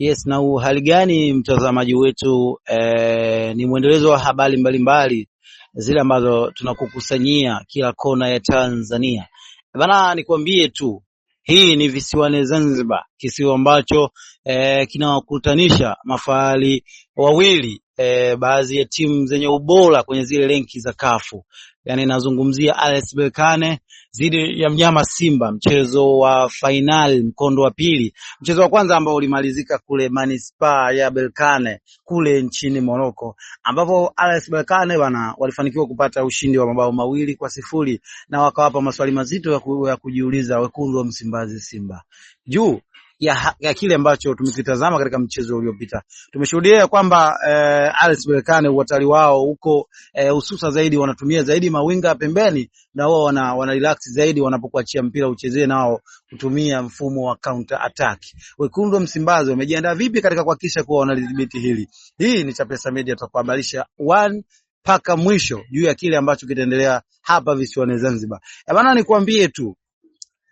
Yes, na uhali gani mtazamaji wetu eh, ni mwendelezo wa habari mbalimbali zile ambazo tunakukusanyia kila kona ya Tanzania. Bana, nikwambie tu hii ni visiwani Zanzibar, kisiwa ambacho eh, kinawakutanisha mafahali wawili eh, baadhi ya timu zenye ubora kwenye zile renki za Kafu yani nazungumzia RS Berkane dhidi ya mnyama Simba, mchezo wa fainali mkondo wa pili, mchezo wa kwanza ambao ulimalizika kule manispaa ya Berkane kule nchini Morocco, ambapo RS Berkane bana walifanikiwa kupata ushindi wa mabao mawili kwa sifuri na wakawapa maswali mazito ya kujiuliza wekundu wa Msimbazi Simba juu ya, ya kile ambacho tumekitazama katika mchezo uliopita. Tumeshuhudia kwamba eh, RS Berkane uhatari wao huko eh, hususa eh, zaidi wanatumia zaidi mawinga pembeni, na wao wana, wana relax zaidi wanapokuachia mpira uchezee nao kutumia mfumo wa counter attack. Wekundu wa Msimbazi wamejiandaa vipi katika kuhakikisha kuwa wanalidhibiti hili? Hii ni Chapesa Media, tutakuhabarisha one mpaka mwisho juu ya kile ambacho kitaendelea hapa visiwani Zanzibar. Eh, bana, nikwambie tu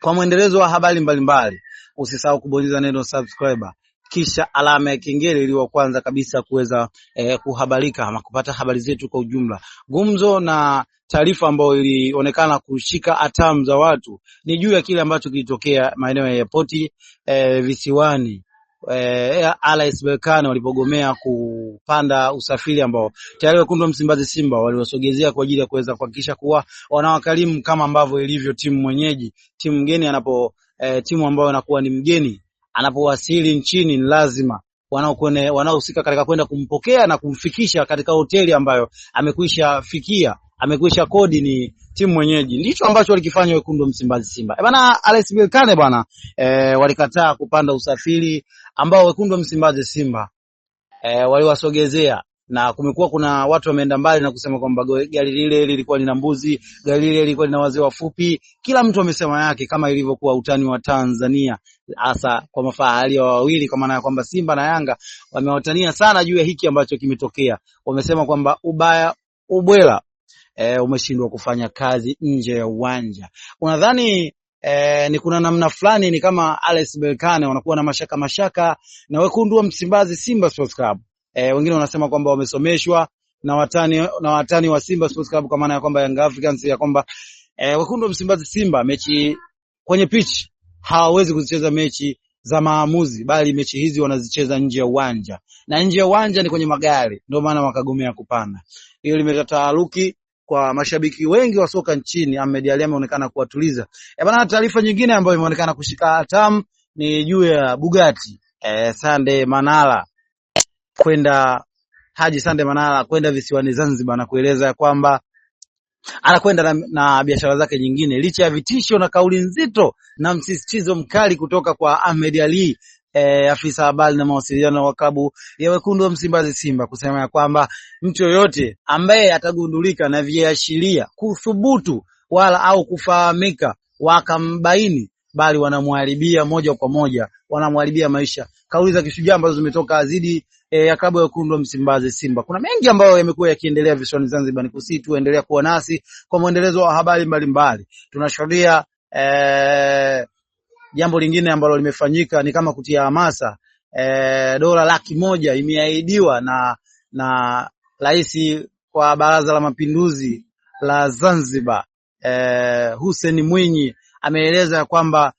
kwa mwendelezo wa habari mbalimbali Usisahau kubonyeza neno subscriber kisha alama ya kengele ili kwanza kabisa kuweza eh, kuhabarika ama kupata habari zetu kwa ujumla. Gumzo na taarifa ambayo ilionekana kushika hatamu za watu ni juu ya kile ambacho kilitokea maeneo ya airport eh, visiwani eh, RS Berkane walipogomea kupanda usafiri ambao tayari wekundu wa Msimbazi Simba waliwasogezea kwa ajili ya kuweza kuhakikisha kuwa wanawakarimu kama ambavyo ilivyo timu mwenyeji, timu mgeni anapo eh, timu ambayo inakuwa ni mgeni anapowasili nchini, ni lazima wanaohusika katika kwenda kumpokea na kumfikisha katika hoteli ambayo amekwisha fikia amekwisha kodi ni timu mwenyeji. Ndicho ambacho walikifanya wekundu wa Msimbazi, Simba eh, bana. Alex bilkane bana, e, walikataa kupanda usafiri ambao wekundu wa Msimbazi, Simba e, waliwasogezea na kumekuwa kuna watu wameenda mbali na kusema kwamba gari lile lilikuwa lina mbuzi, gari lile lilikuwa lina wazee wafupi. Kila mtu amesema yake, kama ilivyokuwa utani wa Tanzania, hasa kwa mafahali wa wawili, kwa maana ya kwamba Simba na Yanga wamewatania sana juu ya hiki ambacho kimetokea. Wamesema kwamba ubaya ubwela e, umeshindwa kufanya kazi nje ya uwanja. Unadhani e, ni kuna namna fulani ni kama Alex Belkane wanakuwa na mashaka mashaka na wekundu wa Msimbazi Simba Sports Club E, wengine wanasema kwamba wamesomeshwa na watani, na watani wa Simba Sports Club kwa maana ya kwamba Young Africans ya kwamba e, wekundu wa Msimbazi Simba mechi kwenye pitch hawawezi kuzicheza mechi za maamuzi, bali mechi hizi wanazicheza nje ya uwanja, na nje ya uwanja ni kwenye magari, ndio maana wakagomea kupanda. Hiyo limeleta taharuki kwa mashabiki wengi wa soka nchini. Ahmed Ali ameonekana kuwatuliza. E bana, taarifa nyingine ambayo imeonekana kushika hatamu ni juu ya Bugatti. E, Sande Manala kwenda Haji Sande Manara kwenda visiwani Zanzibar na kueleza kwamba anakwenda na, na biashara zake nyingine licha ya vitisho na kauli nzito na msisitizo mkali kutoka kwa Ahmed Ali E, afisa habari na mawasiliano wa klabu ya wekundu wa Msimbazi Simba kusema ya kwamba mtu yoyote ambaye atagundulika na viashiria kuthubutu wala au kufahamika wakambaini, bali wanamharibia moja kwa moja, wanamharibia maisha. Kauli za kishujaa ambazo zimetoka zidi e, ya klabu ya kundwa Msimbazi Simba. Kuna mengi ambayo yamekuwa yakiendelea visiwani Zanzibar, ni tu endelea kuwa nasi kwa mwendelezo wa habari mbalimbali. Tunashuhudia e, jambo lingine ambalo limefanyika ni kama kutia hamasa e, dola laki moja imeahidiwa na na rais wa Baraza la Mapinduzi la Zanzibar e, Hussein Mwinyi ameeleza kwamba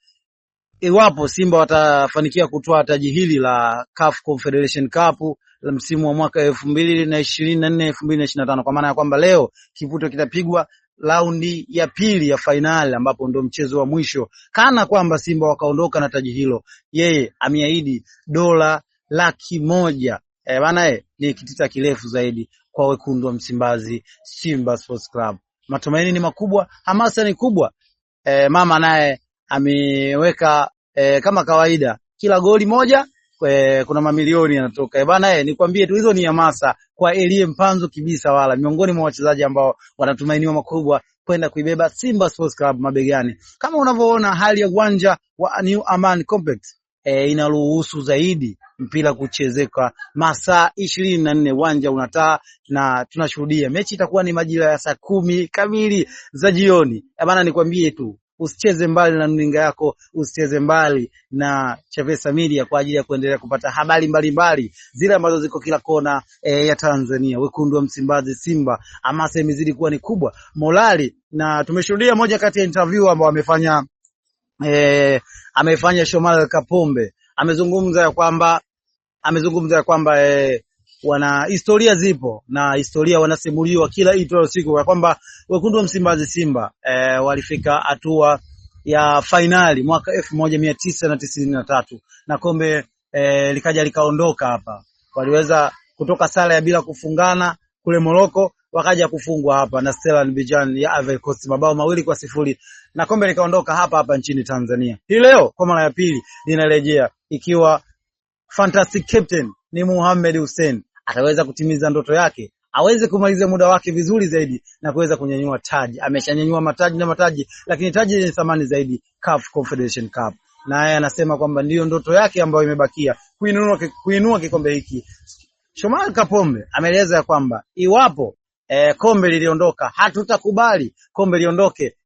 Iwapo Simba watafanikiwa kutoa taji hili la CAF Confederation Cup la msimu wa mwaka elfu mbili na ishirini na nne elfu mbili na ishirini na tano kwa maana ya kwamba leo kiputo kitapigwa raundi ya pili ya fainali ambapo ndo mchezo wa mwisho. Kana kwamba Simba wakaondoka na taji hilo, yeye ameahidi dola laki moja e, bana e, ni kitita kirefu zaidi kwa wekundu wa Msimbazi, Simba Sports Club. Matumaini ni makubwa, hamasa ni kubwa. E, mama naye ameweka e, kama kawaida kila goli moja e, kuna mamilioni yanatoka. Eh, bana, e, nikwambie tu hizo ni hamasa kwa Elie Mpanzu kibisa, wala miongoni mwa wachezaji ambao wanatumainiwa makubwa kwenda kuibeba Simba Sports Club mabegani. Kama unavyoona hali ya uwanja wa New Aman Complex e, inaruhusu zaidi mpira kuchezeka masaa ishirini na nne. Uwanja unataa na tunashuhudia mechi itakuwa ni majira ya saa kumi kamili za jioni. Bana, nikwambie tu Usicheze mbali na runinga yako, usicheze mbali na Chavesa Media kwa ajili ya kuendelea kupata habari mbalimbali zile ambazo ziko kila kona e, ya Tanzania. Wekundu wa Msimbazi, Simba, hamasa imezidi kuwa ni kubwa, morali, na tumeshuhudia moja kati ya interview ambao amefanya e, amefanya Shomari Kapombe amezungumza ya kwamba amezungumza ya kwamba e, wana historia zipo na historia wanasimuliwa kila itwayo siku kwa kwamba wekundu wa Msimbazi Simba e, walifika hatua ya fainali mwaka elfu moja mia tisa na tisini na tatu na kombe e, likaja likaondoka hapa. Waliweza kutoka sare ya bila kufungana kule Moroko, wakaja kufungwa hapa na Stellan Bijan ya Ivory Coast mabao mawili kwa sifuri na kombe likaondoka hapa hapa nchini Tanzania. Hii leo kwa mara ya pili linarejea ikiwa Fantastic Captain ni Muhammad Hussein ataweza kutimiza ndoto yake aweze kumaliza muda wake vizuri zaidi na kuweza kunyanyua taji. Ameshanyanyua mataji na mataji, lakini taji lenye thamani zaidi CAF Confederation Cup, naye anasema kwamba ndiyo ndoto yake ambayo imebakia kuinua, kuinua kikombe hiki. Shomari Kapombe ameeleza kwamba iwapo eh, kombe liliondoka, hatutakubali kombe liondoke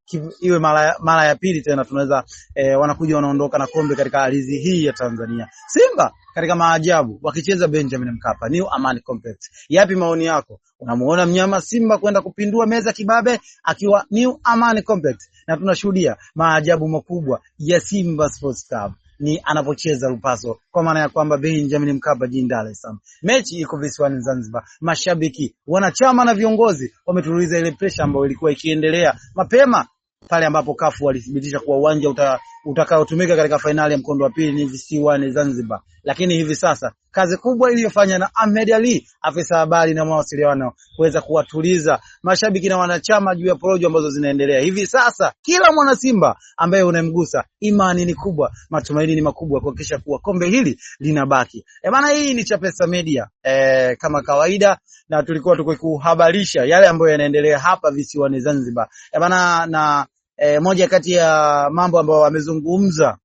iwe mara ya, mara ya pili tena tunaweza e, wanakuja wanaondoka na kombe katika ardhi hii ya Tanzania. Simba katika maajabu wakicheza Benjamin Mkapa New Amani Complex. Yapi maoni yako? Unamuona mnyama Simba kwenda kupindua meza kibabe akiwa New Amani Complex, na tunashuhudia maajabu makubwa ya Simba Sports Club ni anapocheza Lupaso, kwa maana ya kwamba Benjamin Mkapa jijini Dar es Salaam. Mechi iko visiwani Zanzibar. Mashabiki, wanachama na viongozi wametuliza ile presha ambayo ilikuwa ikiendelea mapema pale ambapo kafu walithibitisha kuwa uwanja uta utakaotumika katika fainali ya mkondo wa pili ni visiwa ni Zanzibar. Lakini hivi sasa kazi kubwa iliyofanya na Ahmed Ali, afisa habari na mawasiliano, kuweza kuwatuliza mashabiki na wanachama juu ya porojo ambazo zinaendelea hivi sasa. Kila mwana Simba ambaye unamgusa, imani ni kubwa, matumaini ni makubwa kuhakikisha kuwa kombe hili linabaki. E bana, hii ni Chapesa Media e, kama kawaida, na tulikuwa tukikuhabarisha yale ambayo yanaendelea hapa visiwani Zanzibar. E bana, na e, moja kati ya mambo ambayo amezungumza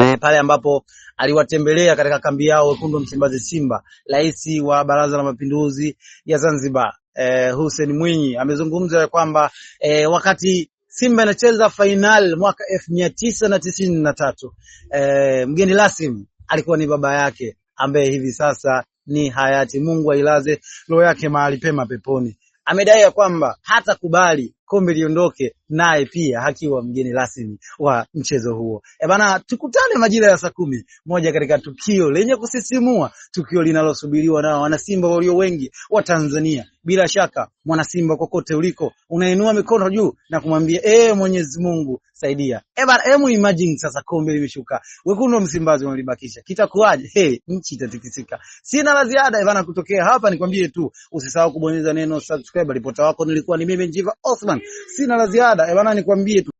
e, eh, pale ambapo aliwatembelea katika kambi yao wekundu Msimbazi Simba, rais wa Baraza la Mapinduzi ya Zanzibar e, Hussein Mwinyi amezungumza kwamba e, wakati Simba inacheza fainali mwaka elfu mia tisa na tisini na tatu e, mgeni rasmi alikuwa ni baba yake ambaye hivi sasa ni hayati. Mungu ailaze roho yake mahali pema peponi. Amedai ya kwamba hatakubali kombe liondoke naye pia hakiwa mgeni rasmi wa mchezo huo. E bana, tukutane majira ya saa kumi moja katika tukio lenye kusisimua, tukio linalosubiriwa na wanasimba walio wengi wa Tanzania. Bila shaka mwanasimba, kokote uliko, unainua mikono juu na kumwambia ee, Mwenyezi Mungu saidia. E bana, hebu imagine sasa kombe limeshuka, wekundu wa Msimbazi wamelibakisha, kitakuwaje? Hey, nchi itatikisika. Sina la ziada e bana, kutokea hapa nikwambie tu usisahau kubonyeza neno subscribe. Ripota wako nilikuwa ni mimi Njiva Osman. Sina la ziada eh, bwana, nikwambie tu